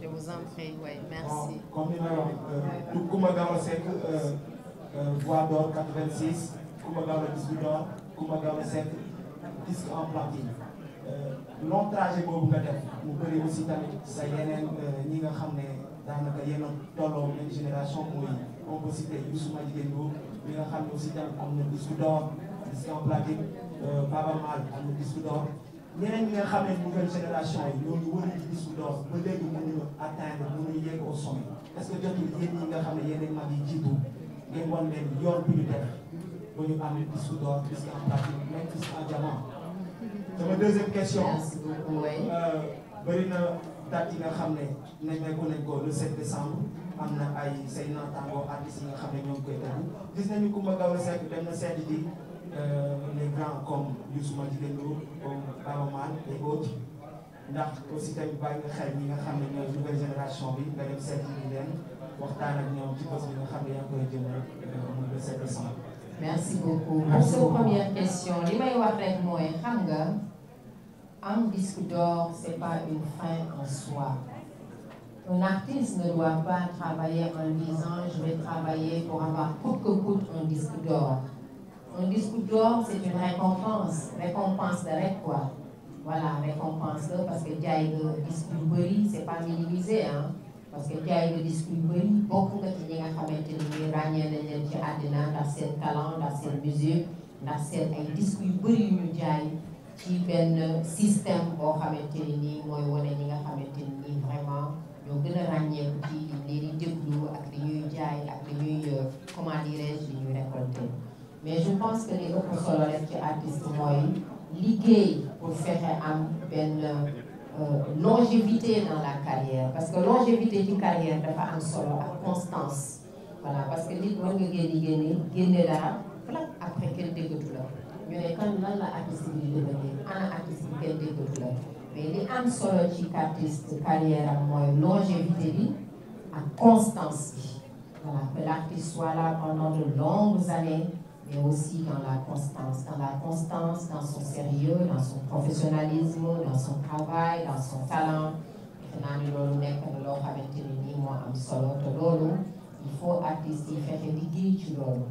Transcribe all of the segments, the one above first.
Je vous en prie, oui, merci. Comme nous, Koumagawa Sek, voix d'or 86, Koumagawa 18 d'or, Koumagawa Sek, disque en platine. Euh, long trajet boobu nga def mu bëri aussi tamit sa yeneen euh, ñi nga xam ne daanaka yéen a tolloo même génération mooy on peut citer Youssou Madjiguène Ndour mi nga xam ne aussi tamit am na disque d'or, disque en platine, euh, Baba Maal am na disque d'or. ñeneen ñi nga xam ne nouvelle génération yi ñooñu wër nañu gis bu doon ba léegi mënuñu atteindre mënuñu yegg au sommet est ce que jotul yéen ñi nga xam ne yéen ma yi jiitu ngeen wan leen yoon bu ñu def ba ñu am gis bu doon gis en pratique même gis en diamant. sama deuxième question. Euh, bëri na date yi nga xam ne nemmeeku nañ ko le 7 décembre am na ay say naataangoo artistes yi nga xam ne ñoo ngi koy tëgg gis nañu Coumba Gawlo Seck dem na seeti ji. Euh, les grands comme Youssouma Djidelo comme Babaman et autres ndax aussi tamit bàyyi nga xel ñi nga xam ne ñooy nouvelle génération bi nga dem seetlu ñu leen waxtaan ak ñoom ci bés bi nga xam ne yaa ngi koy jëmal euh, merci beaucoup pour sa première question li may wax rek mooy xam nga am disque d'or c'est pas une fin en soi. Un artiste ne doit pas travailler en je vais travailler pour avoir coûte que coûte un disque d'or. Un disque d'or, c'est une récompense. Récompense de rek quoi. Voilà, récompense parce que jaay nga disque yu bëri c'est pas minimisé parce que jaay la disque yu bëri bokk nga ci ñi nga xamante ni ñuy ràññee nañ ci àddina ndax seen talent ndax seen musique ndax seen ay disque yu bëri yu ñu jaay ci benn système boo xamante ni nii mooy wane ñi nga xamante ni nii vraiment ñoo gën a ràññeeku ci li ñuy déglu ak li ñuy jaay ak li ñuy euh, comment dirais-je li mais je pense que li ëpp solo rek ci artiste mooy liggéey pour fexe am benn euh, longévité dans la carrière parce que longévité ci carrière dafa am solo ak constance voilà parce que nit war nga flat après kenn déggatu la ñu ne kan lan la artiste bi di devenir ana artiste bi kenn déggatu la mais li am solo ci artiste carrière mooy longévité bi ak constance bi voilà que l'artiste soit là pendant longues années mais aussi dans la constance, dans la constance, dans son sérieux, dans son professionnalisme, dans son travail, dans son talent. defe naa loolu nekk na loo xamante ni nii moo am solo loolu il faut artistes yi fexe liggéey ci loolu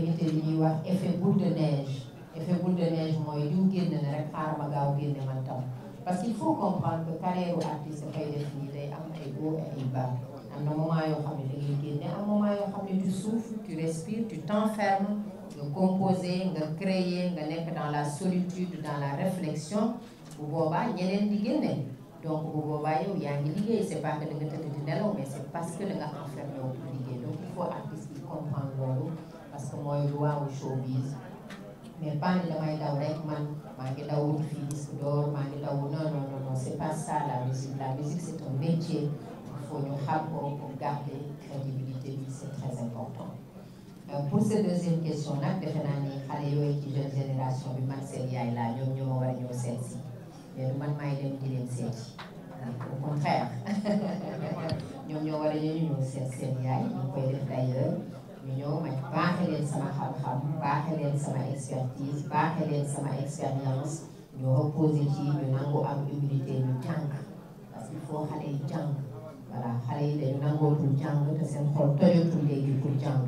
ñu li ñuy wax effet boule de neige effet boule de neige mooy diw génn na rek xaar ma gaaw génne man parce qu'il faut comprendre que carrière artiste dafay def nii day am ay haut et ay bas am na moment yoo xam ne da ngay génne am moment yoo xam ne tu souffles tu respires tu t'enfermes nga composer nga créer nga nekk dans la solitude dans la réflexion bu boobaa ñeneen di génne donc bu boobaa yaa ngi liggéey c'est pas que da nga tëdd di nelaw mais c'est parce que da nga liggéey donc il faut artiste yi comprendre loolu parce que mooy luwaawu showbiz mais pas ni damay daw rek man maa ngi daw wut fii disque d'or maa ngi daw non non faut ñu xam ko pour garder crédibilité bi c'est très important euh, pour cette deuxième question nag defe naa ni xale yooyu ci jeune génération bi man seen yaay laa ñoom ñoo war a ñëw seet si man maay dem di leen au contraire ñoom ñoo war a ñëw ñëw seet seen yaay koy def d'ailleurs ñu ñëw ma baaxe leen sama xam-xam baaxe leen sama expertise baaxe leen sama expérience ñu reposer ci ñu am humilité ñu jàng parce que faut xale yi jàng voilà xale yi dañu nangootul jàng te seen xol tojatul léegi pour jàng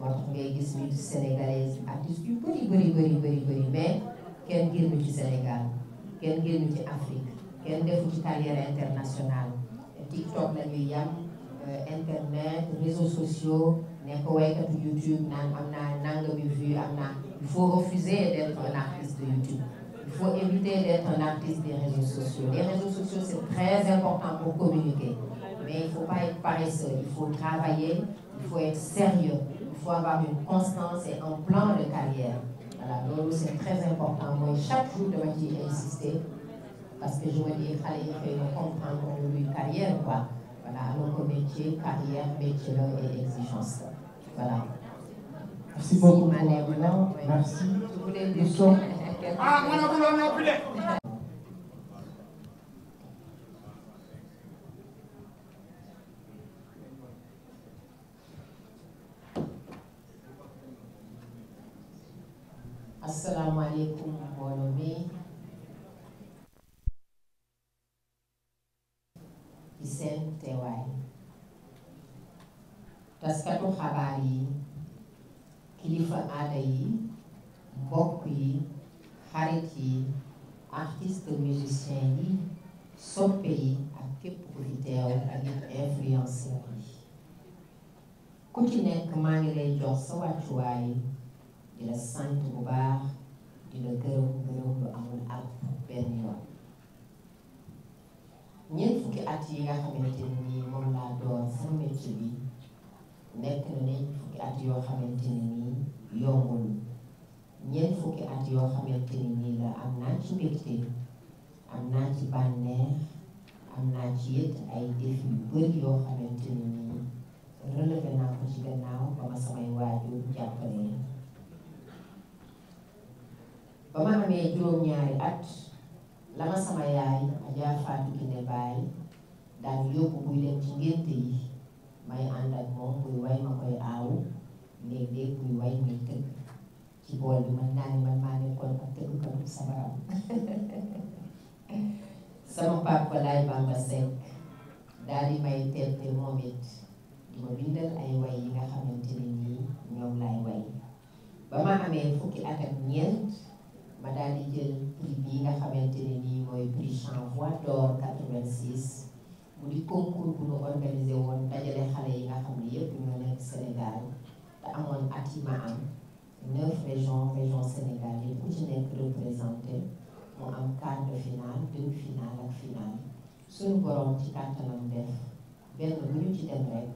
moo tax ngay gis ñu sénégalais artistes yu bëri bëri bëri bëri bëri mais kenn génnu ci Sénégal kenn génnu ci Afrique kenn defu ci carrière internationale TikTok la ñuy yam euh, internet réseaux sociaux nekk waykatu YouTube naan am naa nangami vue am naa il faut refuser d'être un artiste de YouTube il faut éviter d'être un artiste des réseaux sociaux les réseaux sociaux c'est très important Mais il faut pas être paresseux, il faut travailler, il faut être sérieux, il faut avoir une constance et plan de carrière. Voilà, loolu c'est très important mooy chaque jour dama ciy insister parce que je me dis xale yi xëy na comprendre luy carrière quoi voilà alors que métier carrière métier la et exigence la voilà. merci beaucoup Mané Mané merci. ah asalaamaaleykum mbooloo mi ci seen teewaay taskatu xabaar yi kilifa aada yi mbokk yi xarit yi artiste musicien yi soppe ak képp ku fi teew ak influenceur yi ku ci nekk maa ngi lay jox sa wàccuwaay di la sant bu baax di la gërëm gërëm lu amul ak benn yoon ñeent fukki at yi nga xamante ni moom laa door sa métier bi nekk na ñeent fukki at yoo xamante ni yombul ñeent fukki la am naa ci mbégte am naa ci bànneex am naa ci yët ay défi yu bëri yoo xamante ni relevé naa ko ci gannaaw ba ma samay waajur jàppale ba ma amee juróom-ñaari at la ma sama yaay Adja Fatou Kiné Baye yóbbu buy dem ci ngénte yi may ànd ak moom buy way ma koy aaw léeg-léeg buy way may tëgg ci bool bi man naa ne man maa nekkoon ak tëgg ko sabaram sama papa laay Bamba Seck daal di may terte moom it di ma bindal ay way yi nga xamante ne nii ñoom laay way ba ma amee fukki at ak ñeent ma daal di jël prix bii nga xamante ne nii mooy prix Chanvoix d'or 86 mu di concours bu ñu organisé woon dajale xale yi nga xam ne yëpp ñoo nekk Sénégal te amoon at yi ma am neuf régions région Sénégal yi ku ci nekk représenté mu am quart de finale demi-finale ak finale suñu borom ci kàttanam def benn bu ci dem rek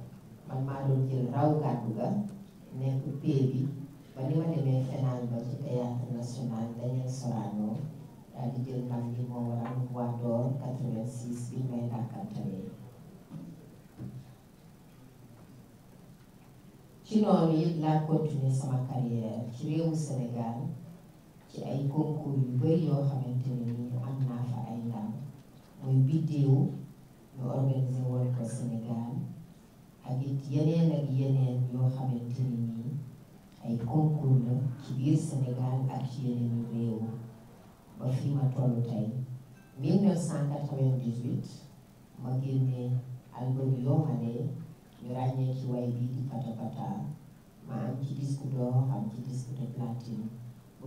man maa jël raw gàddu ga nekk pay bi ba ni ma demee ba ci théâtre national dañuy Sorano daal di jël man li moo waral voix d'or 86 bi may dàkkantalee ci noonu it laa continuer sama ay concours yu bari yoo xamante ne ni am naa fa ay ndam muy biddéew ñu organisé woon ko Sénégal ak it ay concours la ci biir Sénégal ak ci ba fi ma toll tey 1998 ma génne album yoo xam ne ñu ràññee ci way bii di pata pata ma am ci disque d'or am ci disque ma fa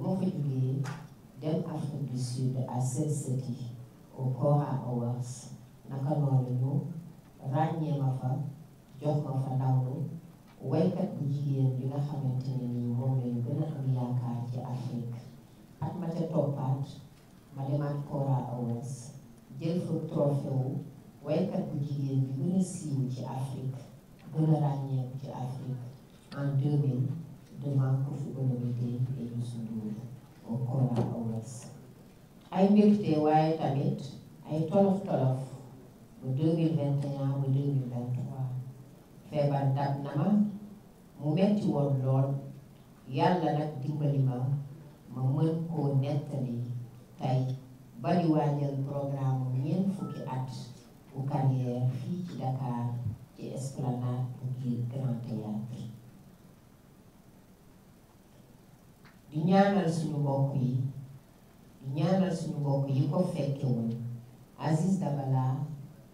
jógee dem Afrique du Sud à Helsinki au Cora Awards naka noonu ñu ràññee ma fa jox ma fa ndawlu waykat bu jigéen bi nga xamante ne nii moom lañu gën a am yaakaar ci Afrique at ma ca toppaat ma demaat Kora Awards jël fa trophée wu waykat bu bi gën a siiw ci Afrique gën a ci Afrique en 2000 demaa ko fi gën a wutee et Youssou Ndour au Kora Awards ay mbégte waaye tamit ay tolof tolof ba 2021 ba 2023 feebar dab na ma mu metti woon lool yàlla nag dimbali ma ma mën koo nettali tey bari waajal programme fukki at bu carrière fii ci Dakar ci esplanade bu biir Grand Théâtre di ñaanal suñu mbokk yi di ñaanal suñu mbokk yi ko fekke woon Aziz Dabala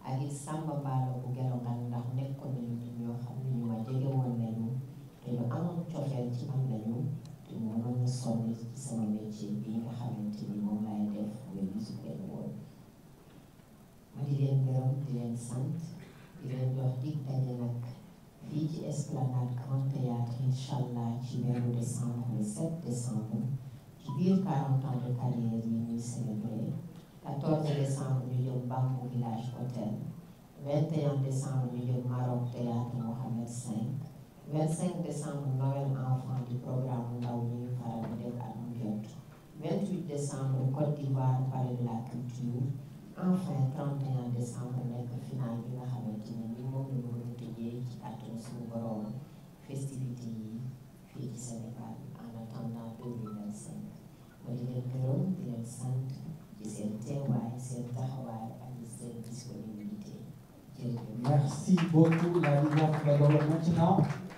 ak Samba Mbaalo bu Gelongal ndax nekkoon nañu ñoo xam ne ñu ma jege woon te ñu ci man lañu te mënoon a sonn ci sama métier bi nga xamante ni moom laay def muy bisu ma di leen gërëm sant di leen jox dig daje nag fii ci esplanade grand théâtre ci weeru décembre le 7 décembre ci biir 40 ans de carrière yi ñuy célébré 14 décembre ñu jëm Bambou village hôtel 21 décembre ñu jëm Maroc théâtre Mohamed V 25 décembre Noël enfant du programme ndaw ñuy faral di def ak mu jot 28 décembre Côte d'Ivoire palais e e de la culture enfin 31 décembre nekk final bi nga xamante ni moom la bëgg a tëjee ci atum suñu borom festivité yi fii ci Sénégal en attendant 2025 ma di leen gërëm di leen sant ci seen teewaay seen taxawaay ak seen disponibilité jërëjëf merci beaucoup la Ligue nationale de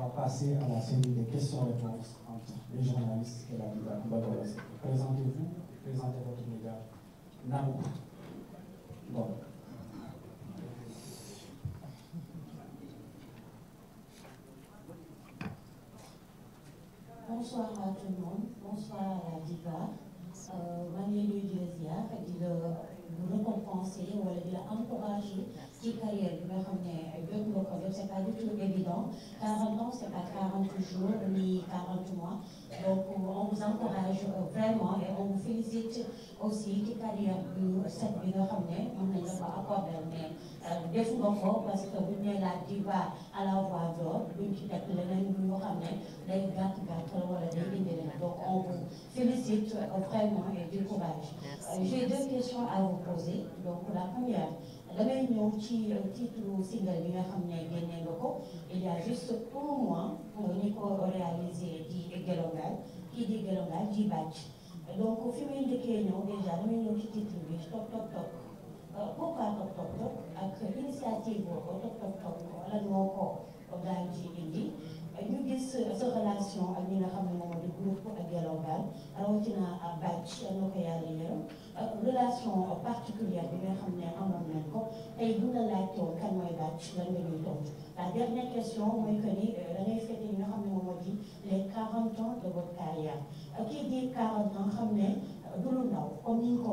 va passer à la série des questions-réponses entre les journalistes et la Liga Mbabawase. présentez média. Namou. Bon. Bonsoir à tout Diva. Euh, maa ngi leen di nuyu di la ziar di euh, la encourager. ci carrière bi nga xam ne jot nga ko jot pas du tout évident 40 ans c' pas 40 jours ni 40 mois donc on vous encourage euh, vraiment et on vous félicite aussi ci carrière bu set bi nga xam ne mën nañ la ko accordé mais def nga ko parce que buñ a la diva à la voix d'or duñ ci teg leneen lu nga ne day gàtt gàtt wala day indi leneen donc on vous félicite euh, vraiment et du euh, j'ai deux questions à vous poser donc damay ñëw ci titre single bi nga xam ne génne nga ko il y a juste pour moi ñu ko réalisé di Gelongal kii di Gelongal di bàcc donc fi may njëkkee ñëw déjà damay ñëw ci titre bi toog toog toog euh, pourquoi toog toog toog ak initiative boo ko toog toog toog wala moo ko daal di indi. sa euh, sa relation ak ñi nga xam ne moom di groupe ak Guelobane rawatina bàcc na ko yàlla yërëm ak euh, relation particulière bi nga xam ne amoon nañ ko tey bu la laajtoo kan mooy bàcc lan nga la dernière question mooy que ni euh, da xam ne moom moo di les de votre carrière kii di 40 xam ne du lu ndaw comme ni ñu ko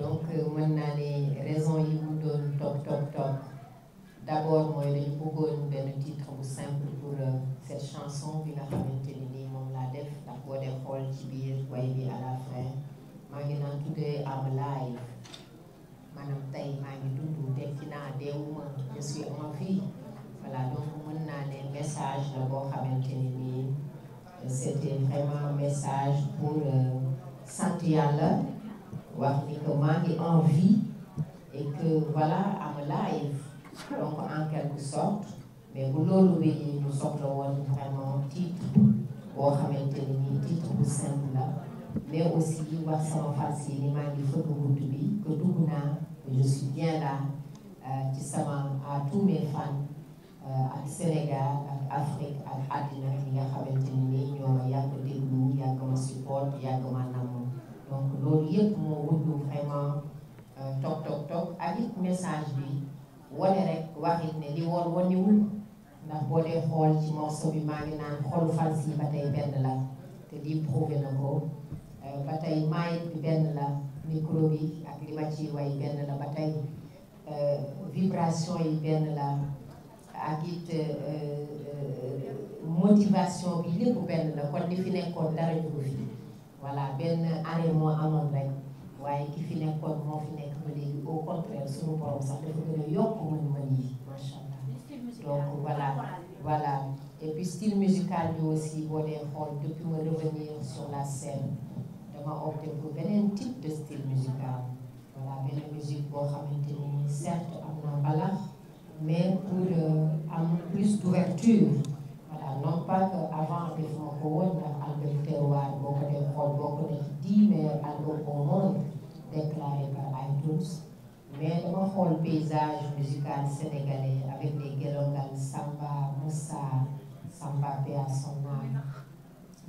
donc euh, mën naa ne raison yi mu doon toog toog toog d'abord mooy dañu bëggoon benn titre bu simple pour euh, cette chanson bi nga xamante ni nii moom laa def ndax boo dee xool ci biir way bi à la fin maa ngi naan tuddee am live maanaam tey maa ngi dund dekki naa deewuma je suis en vie voilà donc mën naa ne message la boo xamante ni nii c'était vraiment un message pour euh, sant yàlla wax ni que maa ngi en vie et que voilà am live donc en quelque sorte mais bu loolu wéyee ñu soxla woon vraiment titre la mais aussi wax sama fas yi ni maa ngi fëgg bunt bi que dugg naa je suis bien là euh, ci sama à tous mes fans euh, nga xamante ma support yàgg ma namm donc loolu yëpp moo wundu vraiment euh, toog toog toog ak it message bi wane rek waxit ne li woon waniwul ndax boo xool ci morceau bi maa naan xolu fals yi ba tey benn la te lii prouvé na ko euh, ba tey maayit bi benn la micro bi ak li ma ciy way benn la ba tey euh, vibration yi benn la ak it motivation bi lépp benn la kon li fi nekkoon dara jógu fi voilà benn année moo amoon rek waaye ki fi nekkoon moo fi nekk ba léegi au contraire suñu borom sax dafa gën a yokk mën la scène dama opté pour beneen type de style musical voilà benn musique boo xamante ni certes am na mbalax mais pour euh, am plus d'ouverture pense pas que avant defoo ko woon ndax Angleterre waaye boo ko dee xool bokk na ci monde déclaré par iTunes mais dama xool paysage musical sénégalais avec les gelongal Samba Moussa Samba Peasona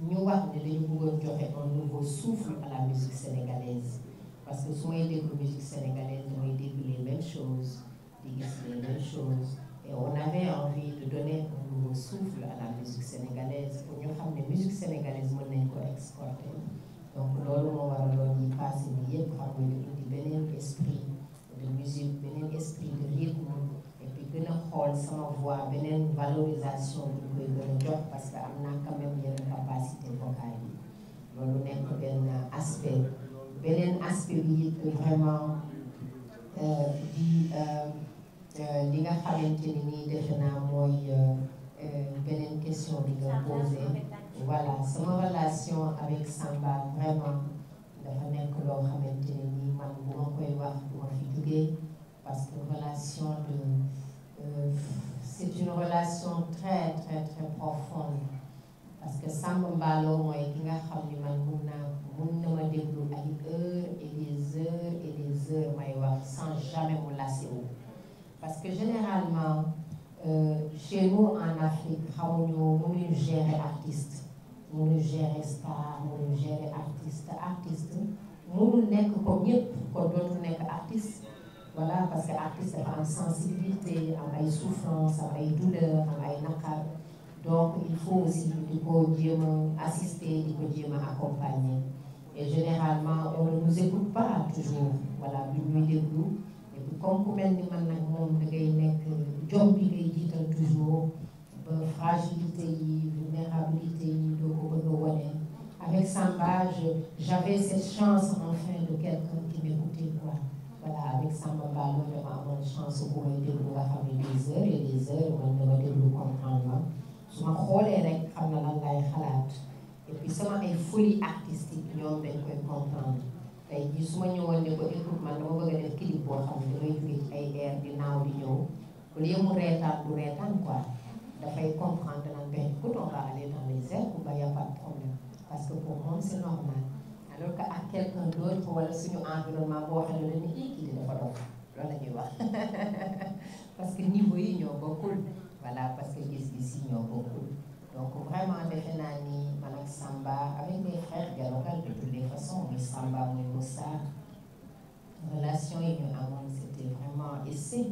ñu wax ne dañu bëggoon joxe un nouveau souffle à la musique sénégalaise parce que su may déglu musique sénégalaise damay déglu les mêmes choses di gis les mêmes choses et on avait envie de donner nouveau souffle la musique sénégalaise pour ñu xam musique sénégalaise mën nañ exporter donc loolu moo waraloon yi passé bi yëpp xam nga ñu indi beneen esprit de musique beneen esprit de rythme et puis gën a sama voix beneen valorisation bu ñu koy gën a jox parce que am naa quand même yenn capacité vocale yi loolu nekk benn aspect beneen aspect bi it vraiment euh, di euh, euh, li nga ni nii defe naa mooy beneen question bi nga posé voilà sama relation avec Samba vraiment dafa nekk loo xamante ni man bu ma koy wax bu ma fi jugee parce que relation de euh, c'est une relation très très très profonde parce que Samba Mballo mooy ki nga xam ni man mun naa mun na ma déglu ay heures et des heures et des heures may wax sans jamais mu lasser wu parce que généralement Euh, chez nous en Afrique xamuñu mënuñu gérer artiste mënuñu gérer star mënuñu gérer artiste artiste mënul nekk comme ñëpp kon dootu nekk artiste voilà parce artiste dafa am sensibilité am ay souffrance am ay douleur am ay naqar donc il faut aussi di ko jéem assister di ko jéem a accompagner généralement on ne nous écoute pas toujours voilà bu ñuy déglu comme ku mel ni man nag moom da ngay nekk jom bi ngay jiital toujours ba fragilité yi vulnérabilité yi doo ko bëgg a wane avec Samba j'avais cette chance enfin de quelqu'un qui m'écoutait quoi voilà avec Samba Ba moom dama amoon chance bu may déglu nga xam ne des heures et des heures man dama déglu comprendre la su ma xoolee rek xam na lan lay xalaat et puis sama ay folie artistique ñoom dañ koy comprendre tey jii ma ñëwoon ne ko écoute man dama bëgg a def clip boo xam ne damay ay air di naaw di ñëw lu yemu reetaan du reetaan quoi dafay comprendre nag benn écoute on va aller dans les airs pour qu'il n'y ait pas que pour que ak quelqu'un d'autre boo xam ne dañuy kii kii dafa doon loolu la ñuy wax parce que niveau yi ñoo bokkul voilà parce que gis-gis yi ñoo bokkul donc vraiment defe naa ni. avec Samba, avec des frères Gallogal de toutes les façons, mais Samba mooy Moussa relation yi ñu amoon c'était vraiment et ce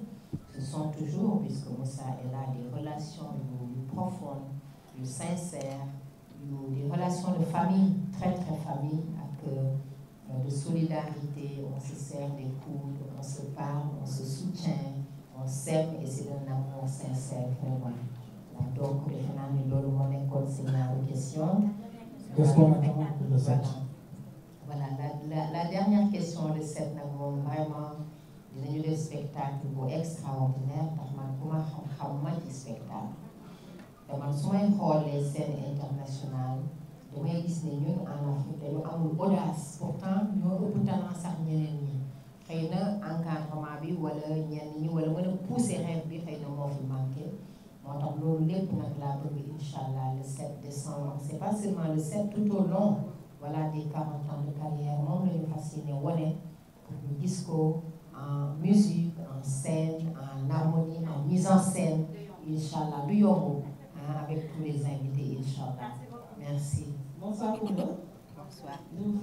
sont toujours puisque Moussa est là des relations yu profondes yu sincères yu des relations de famille très très famille ak euh, de solidarité on se serre les coudes on se parle on se soutient on s'aime et c'est un amour sincère vraiment donc defe naa ni loolu moo nekkoon si ñaari question Question le 7. Voilà, la, la, question, le 7, nag moom vraiment dinañu def spectacle bu extraordinaire ndax man ku ma xam-xam ma spectacle te man su may xoolee scène internationale damay gis ne ñun amul audace pourtant ñoo ëpp talent sax ñeneen ñi xëy na bi wala ñenn ñi wala mën a pousser rêve bi xëy moo fi manqué. moo tax loolu lépp nag laa bëgg incha allah le 7 décembre c' est pas le 7 tout long voilà des 40 de carrière moom la ñu fas yéene wane pour ñu gis ko en musique en scène en harmonie en mise en scène incha allah du yomb ah avec tous les invités incha allah merci. bonsoir Kounda. bonsoir je vous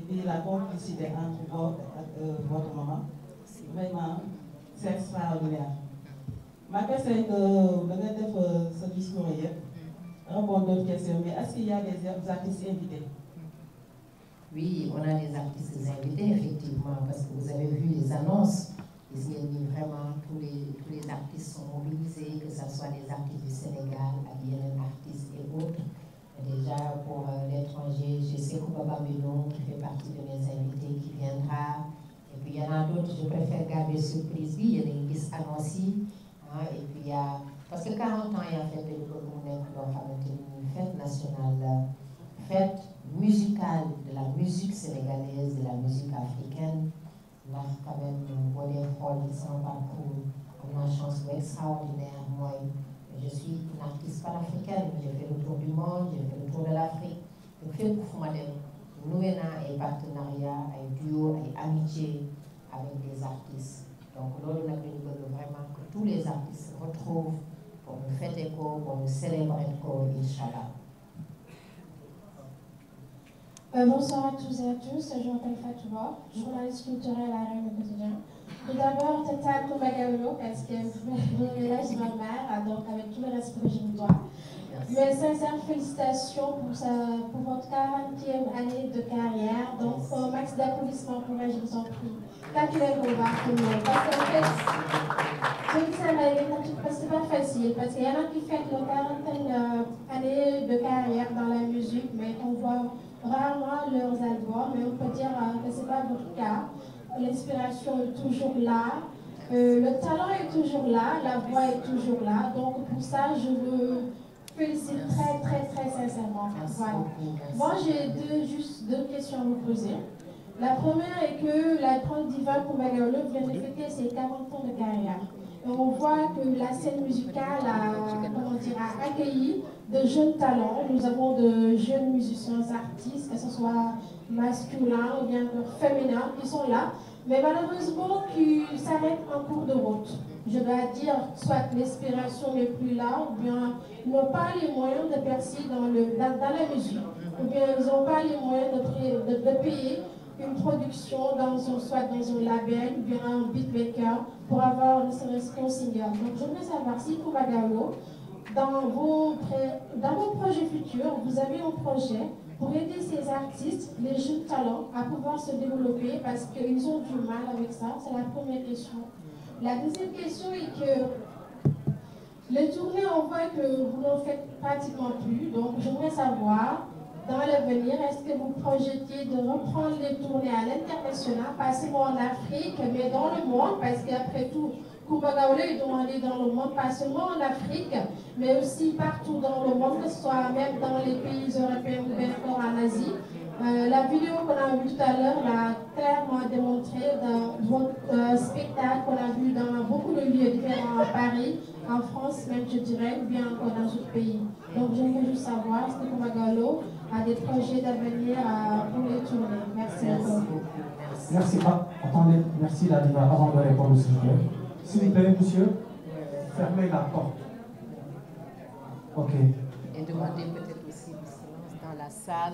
entre euh, votre ak votre vraiment c'est extraordinaire ma question est euh, que da nga def euh, sa discours yëpp répondre d'autres questions mais est-ce qu'il y a des artistes invités oui on a des artistes invités effectivement vous avez vu les annonces gis ngeen ni vraiment tous les tous les artistes sont mobilisés que ça soit des artistes du Sénégal ak yeneen artistes et autres déjà pour euh, je sais que Baba Melon qui fait partie de mes invités qui puis il y en a je préfère garder surprise bi yéen a ngi gis annonce yi ah et puis y a parce que 40 ans yaa fête dañu bëgg mu nekk loo xamante ni fête nationale fête musicale de la musique sénégalaise de la musique africaine ndax quand même boo dee xool ci sama parcours am naa chance bu extraordinaire mooy je suis une artiste panafricaine j'ai fait le tour du monde j'ai fait le tour de l'Afrique donc fépp fu ma dem noué naa ay partenariat ay duo ay amitié avec des artistes donc loolu nag dañu bëgg vraiment que tous les artistes se retrouvent pour ñu fêter ko pour ñu célébrer ko incha allah. Euh, bonsoir à tous et tous, je m'appelle Fatouma, journaliste culturelle à Rewmi Quotidien. Tout d'abord, tata Kumba Gawlo parce que vous me lâchez ma mère, donc avec tout le respect que je Mes sincères félicitations pour, sa, pour année de carrière. Donc, max d'applaudissements pour je vous en prie. Gratulerer au mais c'est pas facile. Parce qu'il y en a qui fêtent leur quarantaine euh, année de carrière dans la musique, mais on voit rarement leurs albums. Mais on peut dire euh, que c'est pas votre L'inspiration est toujours là. Euh, le talent est toujours là, la voix est toujours là. Donc pour ça, je veux félicite très, très, très sincèrement. Voilà. Moi, j'ai deux, juste deux questions à vous poser. La première est que la grande diva Koumbagaolo vient de fêter ses 40 ans de carrière. Et on voit que la scène musicale a, comment dire, a accueilli de jeunes talents. Nous avons de jeunes musiciens, artistes, que ce soit masculins ou bien féminins, qui sont là, mais malheureusement qui s'arrêtent en cours de route. je dois dire, soit l'inspiration n'est plus là, ou n'ont pas les moyens de percer dans, la musique, ou bien ils n'ont pas les moyens de, payer une production dans un, soit ou bien un beatmaker, pour avoir ne serait-ce je voulais savoir si Kubagawa, dans vos, dans vos vous avez un projet pour aider ces artistes, les jeunes talents, à pouvoir se développer parce qu'ils ont du mal avec C'est la première question. La deuxième question est que les tournées, on voit que vous n'en faites pratiquement plus. Donc, je voudrais savoir, dans l'avenir, est-ce que vous projetez de reprendre les tournées à l'international, pas seulement en Afrique, mais dans le monde, parce qu'après tout, Koubagaoula est demandé dans le monde, pas seulement en Afrique, mais aussi partout dans le monde, que ce soit même dans les pays européens ou encore en Asie. Euh, la vidéo qu'on a vue tout à l'heure l'a clairement démontré dans votre euh, spectacle qu'on a vu dans beaucoup de lieux en France même je dirais, bien encore dans d'autres pays. Donc j'aimerais juste savoir, est-ce que Magallo a des projets d'avenir pour les à vous. Merci. Merci. Attendez, la diva de la porte. OK. Et demandez peut-être aussi le dans la salle.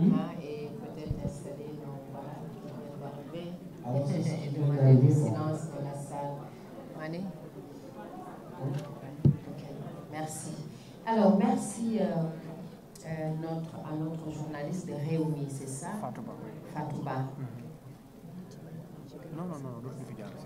et peut-être installer nos barrages on va lever demander le ah silence dans la salle Mané merci alors merci euh, euh, notre journaliste de Rewmi c'est ça Fatou Ba Fatou Ba non non non